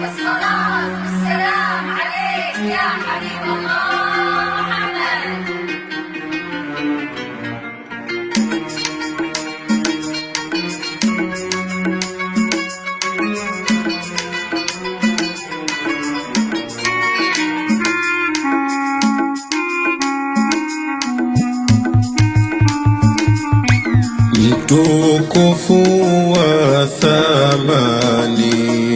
والصلاة والسلام عليك يا حبيب الله محمد utukufu wa thamani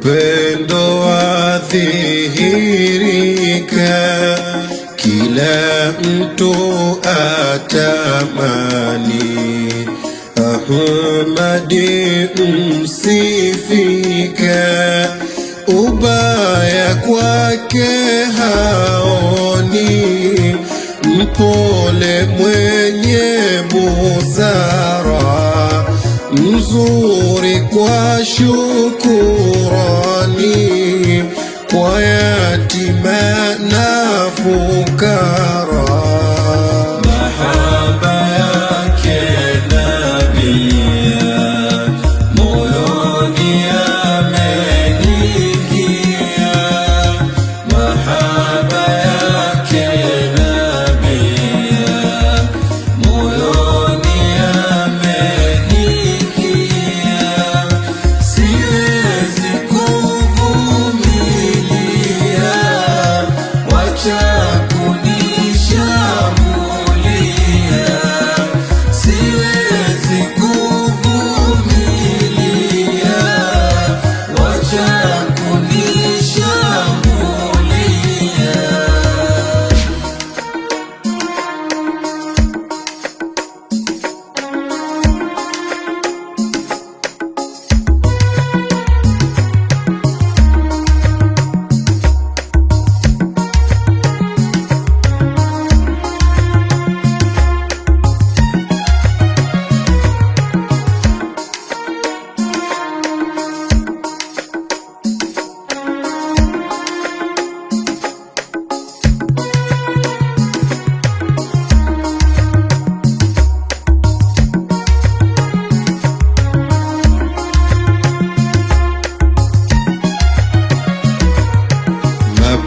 upendo wadhihirika, kila mtu atamani Ahmadi msifika, ubaya kwake haoni, mpole mwenye busara, mzuri kwa shukuru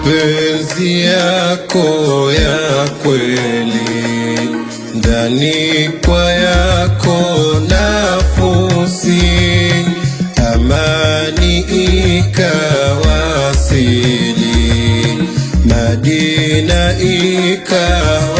mapenzi yako ya kweli ndani kwa yako nafusi amani ikawasili Madina ikawa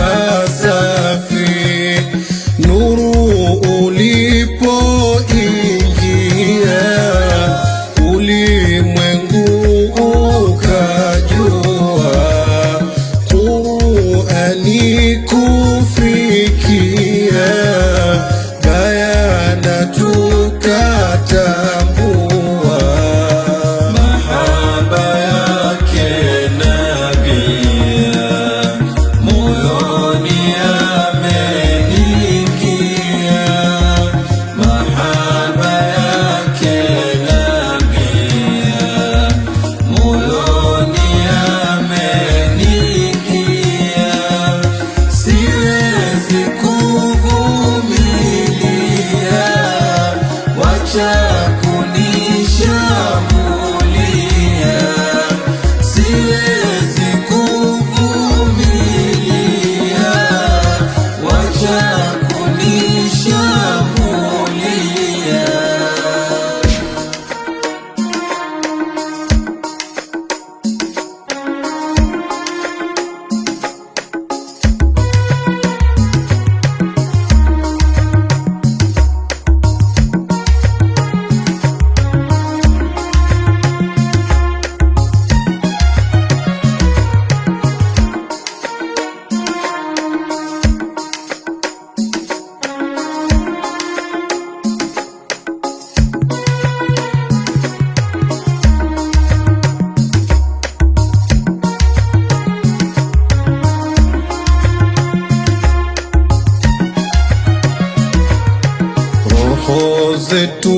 zetu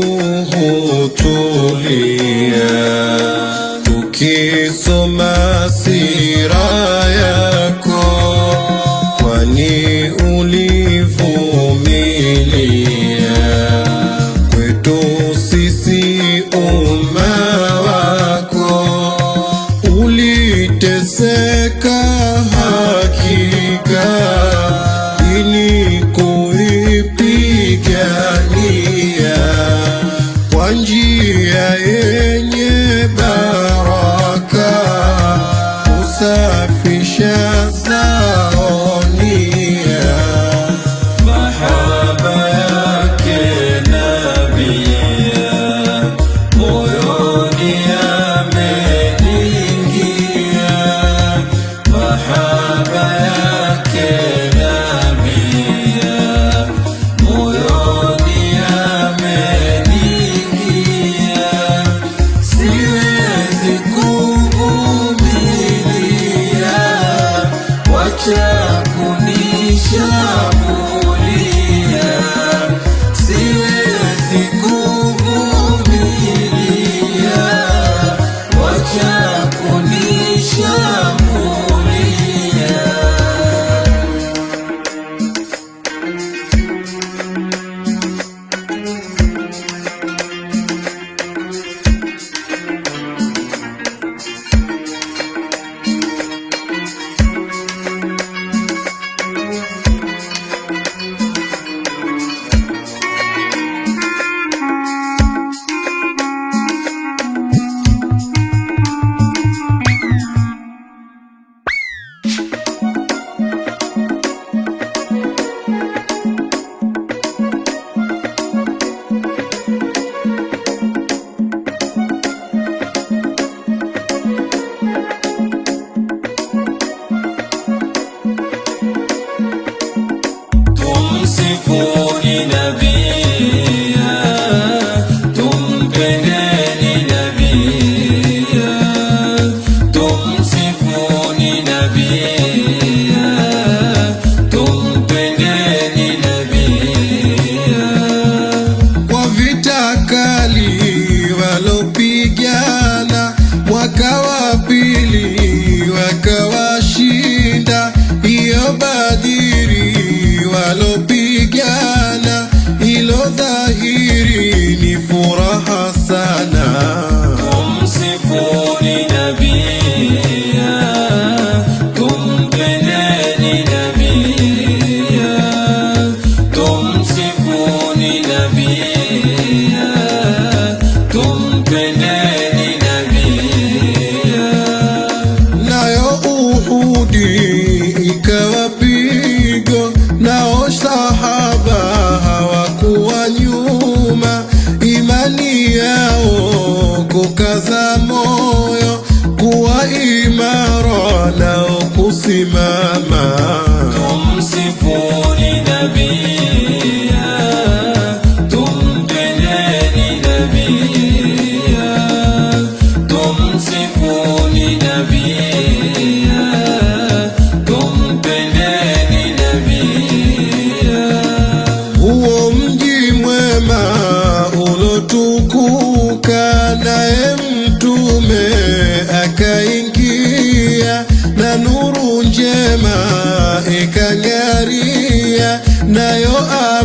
hutulia, tukisoma sira Hello, kusimama kumsifu up.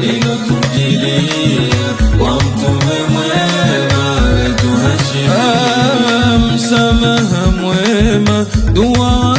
linatujilia kwa Mtume mwema wetu hashimia, msamaha mwema dua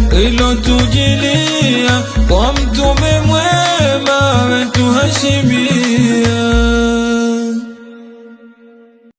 ilotujilia kwa mtume mwema wetuheshimia